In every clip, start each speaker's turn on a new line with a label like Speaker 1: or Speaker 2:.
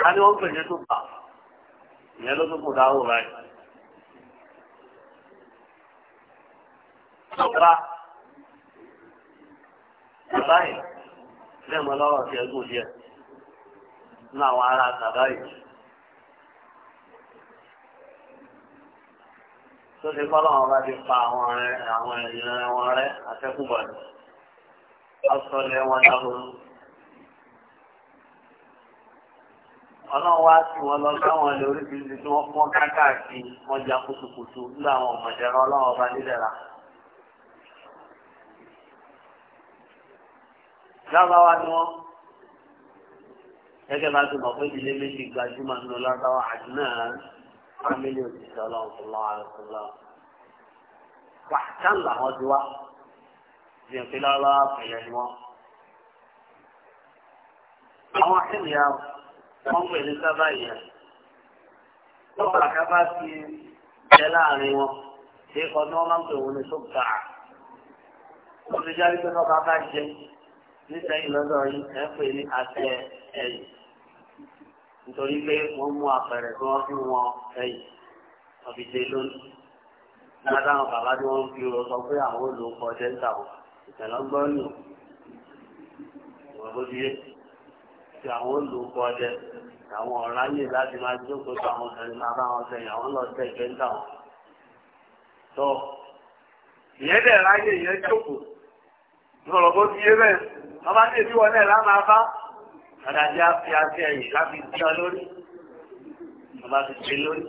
Speaker 1: ká ní wọ́n pè ní tó bà ìyẹn ló tún kù dáwọ́ báyìí. Ọ̀pá àbáyé lẹ́mọ̀ lọ́wọ́ sí ẹgbẹ́ díẹ̀ nínú àwọn ará àtàbáyé. Tó ti kọ́ lọ́wọ́ bá ti pa àwọn ìran wọn rẹ́ àtẹ́kùbọ̀ ni. Ọ̀sọ̀ lẹ́wọ̀n dáhùn. ọlọ́run wá sí wọn lọ sáwọn ilé oríṣiríṣi tí wọ́n fọ́n káàkiri wọ́n jà kùtùkùtù nígbà àwọn ọ̀mọ̀dẹ̀rọ ọlọ́run ọba nílẹ̀ra. lábáwá ni wọ́n gẹ́gẹ́ bá ti mọ̀ pé ìdílé méjì gbajúmọ̀ nínú lábáwá àti náà fámílì òṣìṣẹ́ ọlọ́run fún lọ́wọ́ àlùkò lọ́wọ́. wàhálà làwọn ti wá bí n fi lọ́wọ́ ni wọ́n. àwọn akéwì wọ́n pè ní sábà yẹn. Lọ́pàá kábà ti jẹ́ láàrin wọn, ṣé kan ní wọ́n máa ń pè wọ́n ní sókà. Wọ́n ti jáde pé lọ́pàá bá jẹ nísẹ́yìn lọ́dọ̀ yìí ẹ̀ pè ní àtẹ ẹ̀yìn. Nítorí pé wọ́n mú àpẹẹrẹ tí wọ́n fi wọn ẹ̀yìn. Ọ̀bìdé lónìí. Nígbà bàbá tí wọ́n fi rọ sọ pé àwọn olùkọ́ jẹ́ ń tà wọ́n. Ìtẹ̀lọ́gbọ́n bó ti yé tí àwọn olùkọ́ dẹ àwọn ọ̀rá yìí láti máa jókòó tó àwọn ọ̀sẹ̀ máa bá wọn sẹ́yìn àwọn lọ sẹ́ ìgbẹ́ níta tó ìyẹn dẹ̀ ráyè ìyẹn jókòó lọ́rọ̀ bó ti yé bẹ́ẹ̀ ọba ní èdè wọlé ẹ̀rá máa bá àdájá fi afẹ́ ẹ̀yìn láti dí ọ lórí ọba ti gbé lórí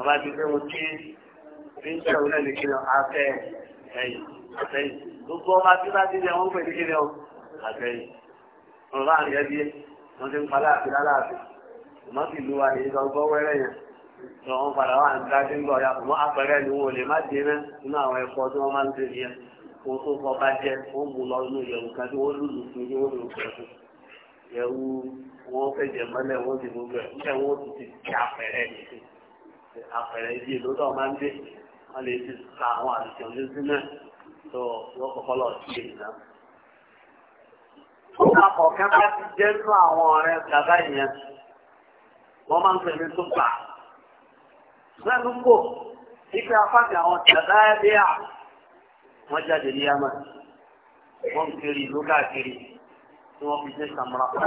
Speaker 1: ọba ti gbé wọn kí ní ìṣẹ́ òun náà lè kí ẹ̀yìn afẹ́ ẹ̀yìn gbogbo ọba tí ọ̀rọ̀ àrùn yẹn bí wọ́n ti ń palá àti lálàáfi ọmọ sì lu àyè ìgbà ọgbọ́ wẹ́rẹ́ yẹn lọ wọn padà wà ní dájú ń gbọ́ ya ọmọ apẹrẹ ni wọn ò lè má dé mẹ́ nínú àwọn ẹ̀kọ́ tí wọ́n máa ń dé nìyẹn kó tó kọ́ bá jẹ́ wọ́n mú lọ inú ìyẹ̀wù kan tí wọ́n lùlù fún ní wọ́n lù fún un ìyẹ̀wù wọn fẹ̀jẹ̀ mọ́lẹ̀ wọ́n ti gbogbo ẹ̀ níbẹ̀ wọ́n ti ti ti apẹrẹ yìí apẹrẹ yìí ló dọ̀ máa ń dé wọ́n lè ti sa àwọn àlùfẹ́ papọ̀ kan bá ti jẹ́ nínú àwọn ọ̀rẹ́ bàbá ìyẹn wọ́n máa ń pè ní túpà. Lẹ́nu kò ipe afáàkì àwọn tàbá ẹbí à wọ́n jáde ní Yamá. Wọ́n kiri ìlú káàkiri tí wọ́n fi dé Samara pa.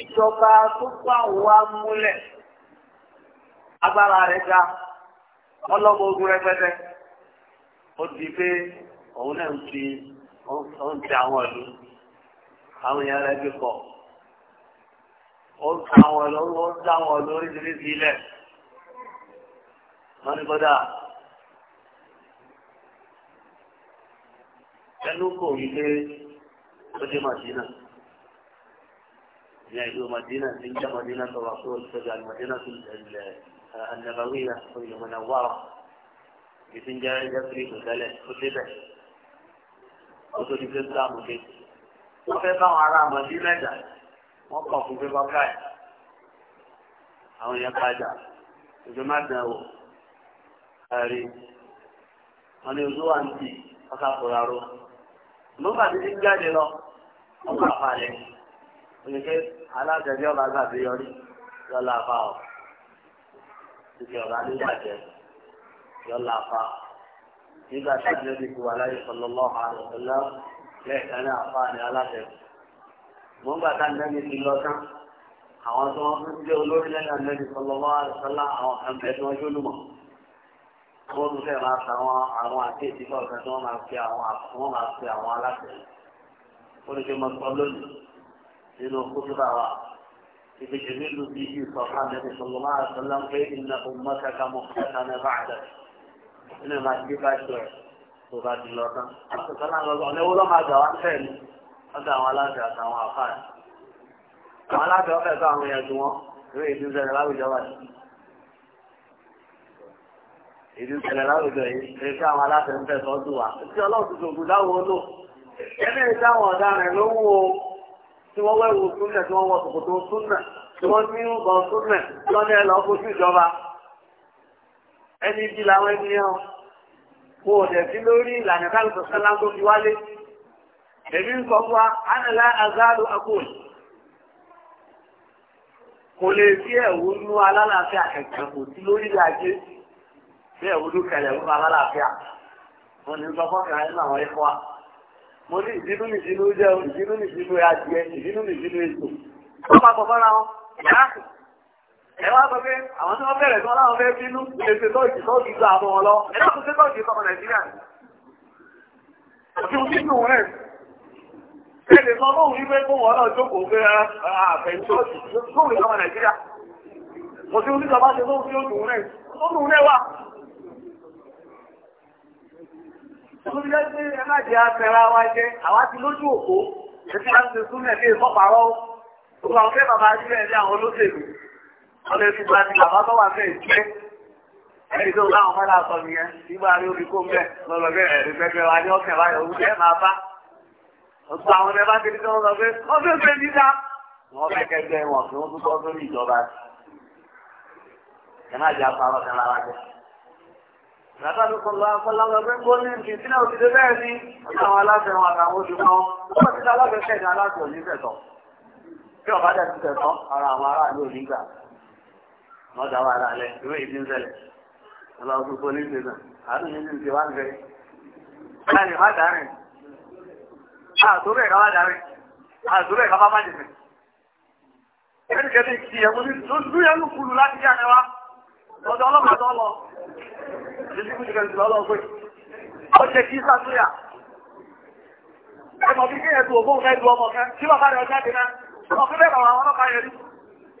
Speaker 1: Ìjọba túpà wa múlẹ̀. Agbára rẹ̀ ga. Ọlọ́mọ ogun rẹpẹtẹ. Ó di pé òun náà ń fi ọ̀n ti àwọn ìlú àwọn èèyàn rẹ̀ bí pọ̀ ó ń ta wọn lọ́wọ́ ó ń dá wọn lóríṣiríṣi ilẹ̀ wọ́n ní kọ́dà ẹnu kò rí pé ó dé màdínà ní ìlú màdínà tí ń jẹ́ màdínà tó wà fún olùsọ̀jà màdínà tó ilẹ̀ ànàbàwíyà tó ilẹ̀ mọ̀nà wàrà ìsìnjẹ́ ẹgbẹ́ fúri kò tẹ́lẹ̀ ó débẹ̀ ó tó di pé sáà mọ̀ dé wọ́n fẹ́ bá àwọn ará àmọ̀dé mẹ́ta wọ́n kọ̀ fún pépà káì àwọn èèyàn padà òjò má dán wò ẹ̀rí wọn ni ojú wa ń tì ọkà fúra ró lóba ti ń jáde lọ ọkọ àfàlẹ oníke alájẹjẹ ọba gbàgbé yọrí yọlá àfa ọ títí ọba nígbàjẹ yọlá àfa nígbà tí ìjọba ti kú wa láyé sọlọ lọ́wọ́ àrùn ọ̀lá lẹ́ẹ̀kan ní àfáàní alátẹ̀kù mo ń gbà tá nẹ́ni ti lọ tán àwọn tó wọ́n fún jẹ́ olórí lẹ́yìn nẹ́ni sọlọ́wọ́ àṣọlá àwọn kan bẹ̀ tí wọ́n jó lùmọ̀ wọ́n tún fẹ́ máa ta àwọn àwọn àkéèsí kọ̀ọ̀kan tí wọ́n máa fi àwọn wọ́n máa fi àwọn alátẹ̀kù ó ní kí mo sọ lónìí nínú kótó bá wa بجميل به صلى النبي صلى الله عليه وسلم إن أمتك مختتنة بعدك إنما تجيب أشعر tó bá di lọ tán àtúntò náà lọ owó lọ́mọ àgbà wa ń tẹ̀ àwọn aláṣẹ àtàwọn àfáà àwọn aláṣẹ ọ̀fẹ́ tó àwọn èèyàn wọn eré ìdí ìṣẹ̀lẹ̀ láwùjọ wà sí ìdí ìṣẹ̀lẹ̀ láwùjọ yìí eré tí àwọn aláṣẹ ń tẹ̀sọ́ dù wá tí ọlọ́run ti dògùn dáwọ́ lò ẹni ìdáwọn ọ̀daràn ló ń wo tí wọ́n wẹ̀wò súnmẹ̀ tí wọ́n wọ sòkòtò súnmẹ̀ tí wọ́n ní ọgbọ̀n súnmẹ̀ tí wọ́n ní ẹni ìdí làwọn ẹni kò dẹ̀ sí lórí ìlànà kálùkù tó fi wálé èmi ń sọ ánàlá azáàlú akóòlù kò lè sí ẹ̀wù nú alálàáfíà kẹ̀kẹ́ tí lórí ìlàjé sí ẹ̀wù ló kẹlẹ̀ ń alálàáfíà wọn ni sọ àwọn ẹ̀kọ́ wa mo ní ìdínú nìdínú ẹwà sọ pé àwọn tí wọ́n bẹ̀rẹ̀ tí wọ́n láwọn fẹ́ bínú lè ṣe tọ́ọ̀jì tọ́ọ̀jì gbà àbọ̀ wọn lọ ẹ̀dá tó ṣe tọ́ọ̀jì sọmọ nàìjíríà òfin òfin òun rẹ̀ ṣe lè sọ fóun wípé fóun ọ̀nà jókòó pé ah, ah, àfẹ́ tọ́ọ̀jì fóun sọmọ nàìjíríà òfin òfin ìjọba ṣe fóun fi òun rẹ̀ òun rẹ̀ wà. òun jẹ́ pé ẹ má jẹ́ afẹ́ra wa ọlọ́ ètò bá ní bàbá tó wà fẹ́ ìjẹ́ ẹni tó láwọn fẹ́ láàtọ̀ nìyẹn nígbà rí orí kó mẹ́ lọ́lọ́ bẹ́ẹ̀ rí pẹ́pẹ́ wa ní ọ̀kẹ́ wa yòówù jẹ́ máa bá ọgbà àwọn ẹ̀bá tẹ̀lé tó ń lọ pé wọ́n fẹ́ fẹ́ níta wọ́n fẹ́ kẹgbẹ́ wọn kí wọ́n tún tọ́ sórí ìjọba ẹ má jà pa ọ̀kẹ́ lára jẹ. Bàbá gbà. wọ́n dá wà lálẹ́ ìwé ìdí ń ṣẹlẹ̀ ọlọ́run fún ní ṣẹlẹ̀ àánú yìí ti ń ti wá ń bẹ̀rẹ̀ láàrin wá dárin àtúrò ẹ̀ka wá dárin àtúrò ẹ̀ka bá má ndị ẹni kẹ́tẹ́ kí ẹ̀ wọ́n lú yẹn lù kúlù láti jẹ́ àrẹwà ọ̀dọ̀ ọlọ́pàá tó lọ títí kú jìkẹ́ ìtìlọ́ ọlọ́pẹ́ ó jẹ́ kí sàtúyà ẹ̀mọ̀ bí kí ẹ̀ tó ògbóhùn ẹ̀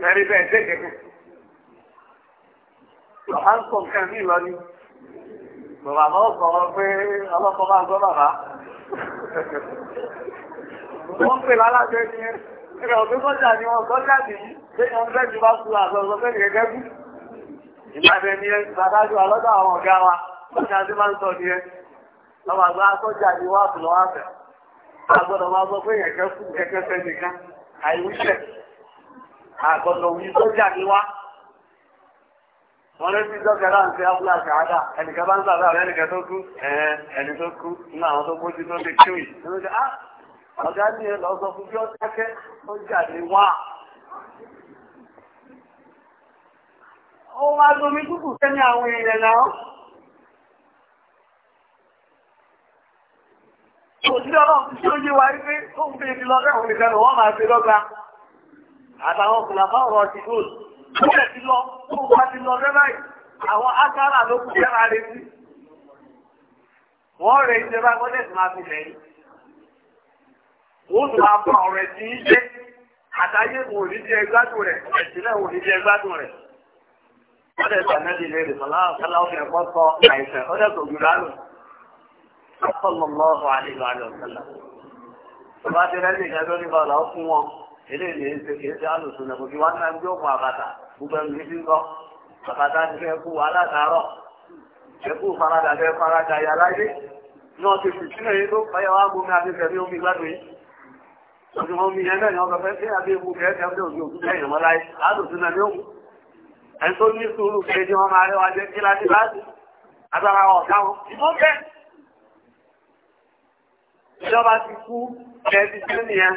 Speaker 1: lẹ́rí bẹ́ẹ̀ dẹ́gẹ̀ mú. Bàbá ń kọ̀ nǹkan mí lọ ni. Bàbá náà sọ pé ọlọ́pàá máa gbọ́ bàbá. Wọ́n pè lálájọ ẹni yẹn. Ẹgbẹ́ ọ̀gbẹ́ sọ́jà ni wọ́n sọ́jà nì yí. Ṣé wọ́n fẹ́ ju bá tu àgbẹ̀ ọ̀gbẹ́ ní gẹ́gẹ́ bú? Ìbàdàn àwọn ọ̀gá wa. máa ń sọ ni ẹ. àgbà ni wọ́n Àgbọ̀dọ̀ máa àgbọ̀dọ̀ wí sọ́jà ní wá. wọ́n lé sí sọ́jà náà ń ṣe ábúlà ṣàádà ẹnìkan bá ń sàdá rẹ̀ ẹnìkan tó kú ẹni tó kú nínú àwọn tó kójú tó lè kíwì. Ah, ọ̀gá ẹ fún bí ọjà kẹ́ sọ́jà ní wá. ó wá sẹ́ni àwọn èèyàn náà. ọlọ́run ó yé wa wípé ó ń bèèrè òun nìkan àtàwọn kùlàfà ọ̀rọ̀ ti dùn bẹ́ẹ̀ ti lọ tó bá ti lọ rẹ́rà yìí àwọn ákàrà ló kù kẹ́ra rẹ sí. wọ́n rẹ̀ ìjọba gbọ́dẹ̀ tí máa fi lẹ́yìn. wọ́n tún máa fa ọ̀rẹ́ tí ń jẹ́ àtàyé wò ní jẹ́ gbádùn rẹ̀ ẹ̀sìnlẹ̀ wò ní jẹ́ gbádùn rẹ̀. wọ́n dẹ̀ sàmẹ́lì lè rè fọlá ọ̀sán ọ̀fìn ẹ̀kọ́ sọ àìsàn ó tó gbìyànjú lálùú. sọ́kọ̀ lọ́mọ́ ọ̀hún àlejò àlọ́ eléyìí kìí ṣe alùsùn náà kò sí wọn náà ń jókòó àbàtà gbogbo ẹnu ní fífọ àbàtà ní kẹkù alátàárọ kẹkù faradà kẹ faradà yàláyé náà ti fi sílẹ̀ yìí tó fẹ́yà wá gómìnà àti fẹ̀mí omi gbádùn yìí ọdún omi yẹn náà ni wọn fẹ́ fẹ́ àbí ewu kẹ́kẹ́ fẹ́ òjò òkú lẹ́yìn láyé alùsùn náà ní òkú ẹni tó ní sùúrù kejì wọn máa rẹwà jẹ kíláàsì láti agbára ọ̀tá wọn ìbọn bẹ́ẹ̀ ìjọba ti kú kẹ́ẹ̀ ti sẹ́niyẹn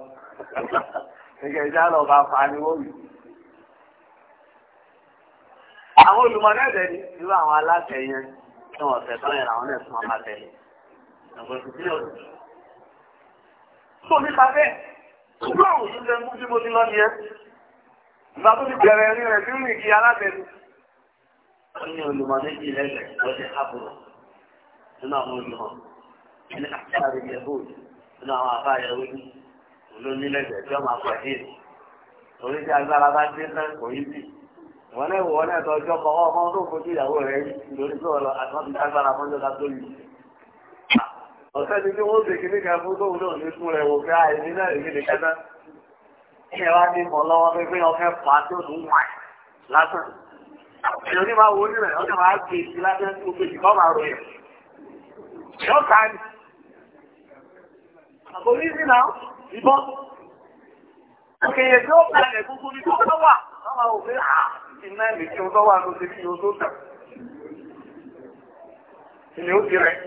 Speaker 1: Gẹ́gẹ́ ìjà lọ bá fa ni wọ́n wí. Àwọn olùmọ̀lẹ́dẹ̀ ni irú àwọn aláṣẹ yẹn tí wọ́n fẹ̀ tán yẹn àwọn náà tún máa tẹ̀lé. Tó nípa bẹ́ẹ̀, ṣùgbọ́n àwọn òṣìṣẹ́ lè mú bí mo ti lọ nìyẹn. Ìgbà tó ti bẹ̀rẹ̀ rí rẹ̀ tí rìn kí aláṣẹ ni. Wọ́n ní olùmọ̀ méjì lẹ́sẹ̀ lọ́sẹ̀ àbúrò nínú àwọn olùmọ̀. Ẹni àti àrẹ̀ yẹ̀ bóòlù nínú àwọn àbá yẹ̀ olónílẹ̀gbẹ̀ tí wọ́n máa pàdé èdè torí tí agbára bá dé náà kò yí bì wọ́n náà wọ́n náà tó ọjọ́ kọ́ ọmọ tó fojú ìyàwó rẹ̀ rí lórí tó lọ àtúntí agbára fún jọba tó yìí. ọ̀sẹ̀ ni bí wọ́n ṣe kíní kan fún tóun náà ní fún rẹ̀ wò pé àìní ah, náà èmi lè kẹta. ìyẹn wá ní mọ̀ lọ́wọ́ pé pé ọkẹ́ pa tó tún wà lásán. èèyàn ní máa wo nílẹ̀ ọkẹ́ máa gbé ìsí lábẹ́ tó gbé máa rò yẹn. yọ̀ọ̀ta ni. àkòrí sí náà ìbọn. Òkèèyè tí ó kalẹ̀ gbogbo ní tó tọ́ wà, wọ́n máa wò pé à iná ẹ̀mí tí ó tọ́ wà ló ti fi oṣó tà. Ìlú ó ti rẹ̀.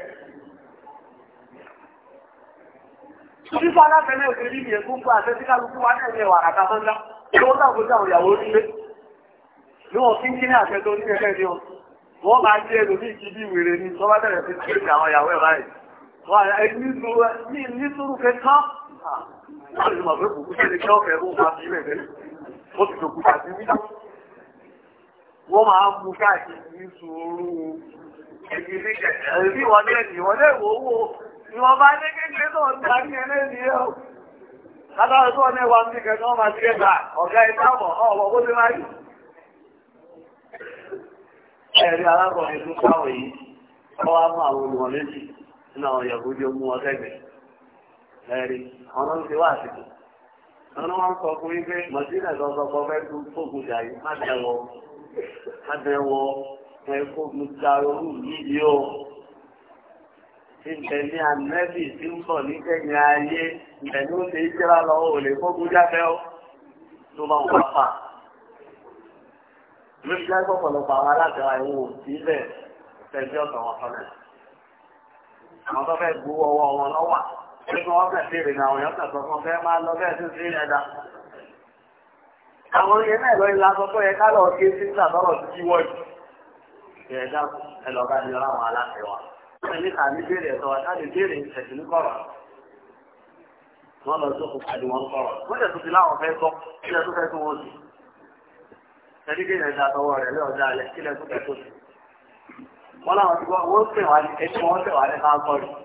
Speaker 1: Títí fún alábẹ́lẹ̀ òṣèlú ìyẹn gbogbo àtẹ́sí kálukú wa náà ẹ̀wà àràkà fọ́njá. ó dàgbò dáhùn ìyàwó wọ́n ní àṣẹ tó láti mọ̀ pé kùkú ha. wọ́n máa mú káàkiri ní sùúrù ẹ̀bí wọn lẹ́ni wọn lẹ́wọ̀ owó ni wọ́n bá ní kékeré tó ń darí ẹlẹ́ni ẹ̀ o látàrí tó ní wa ní kẹta ọ̀gá ìtàbọ̀ ọ̀wọ̀ bó máa yìí ẹ̀rí alákọ̀ọ́rin ẹ̀rí ọ̀nà ń ti wá àsìkò ọ̀nà wọn sọ fún yín pé màdínà lọ sọ pé ọ̀fẹ́ tó fògùn jà yìí má bẹ̀ wọ má bẹ̀ wọ ẹ̀kọ́ mo ta orú yìí o ti bẹ̀ ní anẹ́bì tí ń bọ̀ ní kẹ́yìn ayé bẹ̀ ní ó ti jẹ́ra lọ ò lè fògùn jáfẹ́ o tó bá wọn fà ló ti lágbọ́ pọ̀lọpọ̀ àwọn alága ìwọ̀n òsì bẹ̀ fẹ́ wọn fọlẹ̀ àwọn tó fẹ́ gbowó ọwọ́ wọn lọ́wọ́ Ẹgbẹ́ Àwọn oye náà lọ ilá sọ pé ẹ ká lọ gé sí ìsàtọ́rọ̀ sí jíwọ́ yìí. Ẹ̀dá ẹlọ́ba ni ọlá àwọn aláṣẹ wa. Wọ́n ní bèèrè ẹ̀tọ́ wa káàdì bèèrè ẹ̀sìn ní kọ̀rọ̀. Wọ́n lọ sókò pàdé wọn kọ̀rọ̀. Wọ́n tẹ̀ tó láwọn fẹ́ sọ, kílẹ̀ tó fẹ́ tó wọ́n sí. Ẹni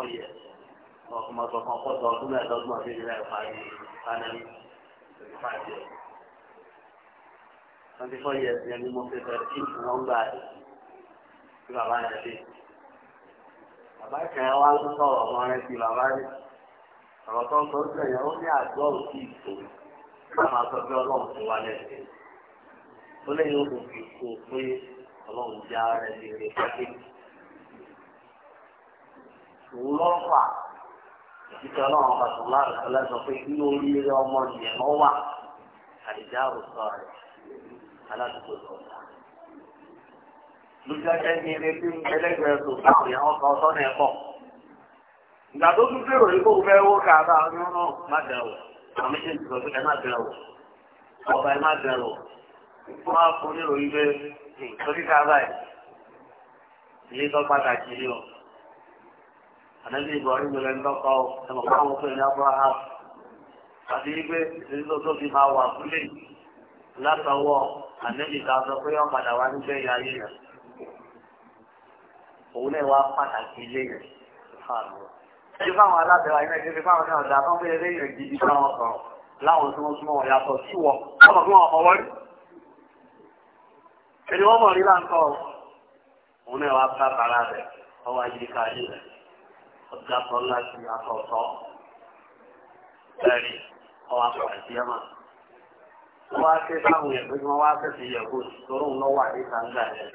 Speaker 1: ọyẹ years yẹn ni mo fi fẹ́ kí nọ́mbà rẹ bàbá rẹ dé bàbá kan wá ń sọ̀rọ̀ ọmọ rẹ bàbá rẹ ọ̀rọ̀ tó ń sọ sí ẹ̀yẹ ó ní àgọ́ òsì ìfò ká máa sọ pé ọlọ́run ti wá lẹ́sẹ̀ ó lẹ́yìn òkùnkùn kò pé ọlọ́run já rẹ lè rè pákéjì òun lọ fà títí ọlọ́run ọba tó láàrú ọlá sọ pé inú oríire ọmọ nìyẹn lọ wà àdìjá òsọ rẹ aládùúgbò tó ta. lójúdájá ní ilé tí ẹlẹgbẹrẹ tó bá òun yẹn ọkọ ọtọ náà pọ. ìgbà tó tún bèrò yìí kó fẹ́ wó ká bá ọdún náà má bẹ̀rù àwọn méjèèjì sọ pé ẹ má bẹ̀rù ọba ẹ má bẹ̀rù fún àfọ̀níròyìn bẹ́ẹ̀ nǹkan kíkà báyìí ilé tó pàtàkì ni o ànábì ìbọ̀rin ló lẹ́nu lọ́kọ́ ẹ̀mọ̀ fún àwọn ọkùnrin abraham àti wípé ìdílé tó fi máa wà fúlẹ̀ látọwọ́ ànábì ká sọ pé wọ́n padà wá nígbẹ́ ìyá ayé rẹ̀ òun náà wá pàtàkì ilé rẹ̀ fáàlú. ẹjọ́ fáwọn alábẹ̀wò ayé náà ṣe fáwọn náà dá fún pé eré yẹn gidi fáwọn kan láwọn tí wọ́n súnmọ́ wọn yàtọ̀ sí wọ ọmọ fún ọmọ wọ́n rí. ẹni wọ́n mọ̀ rí láǹkọ̀ òun náà wá bá bàrà rẹ̀ ọwọ́ ayé ká rẹ̀ ọjà tó láti àtọ̀tọ̀ ẹ̀rí ọwọ́ àpàtì ẹ̀mà. Wọ́n á ké sáwọn ẹ̀gbẹ́ tí wọ́n wá fẹ́ fi yẹ̀kú tó ń lọ́wọ́ àdéhà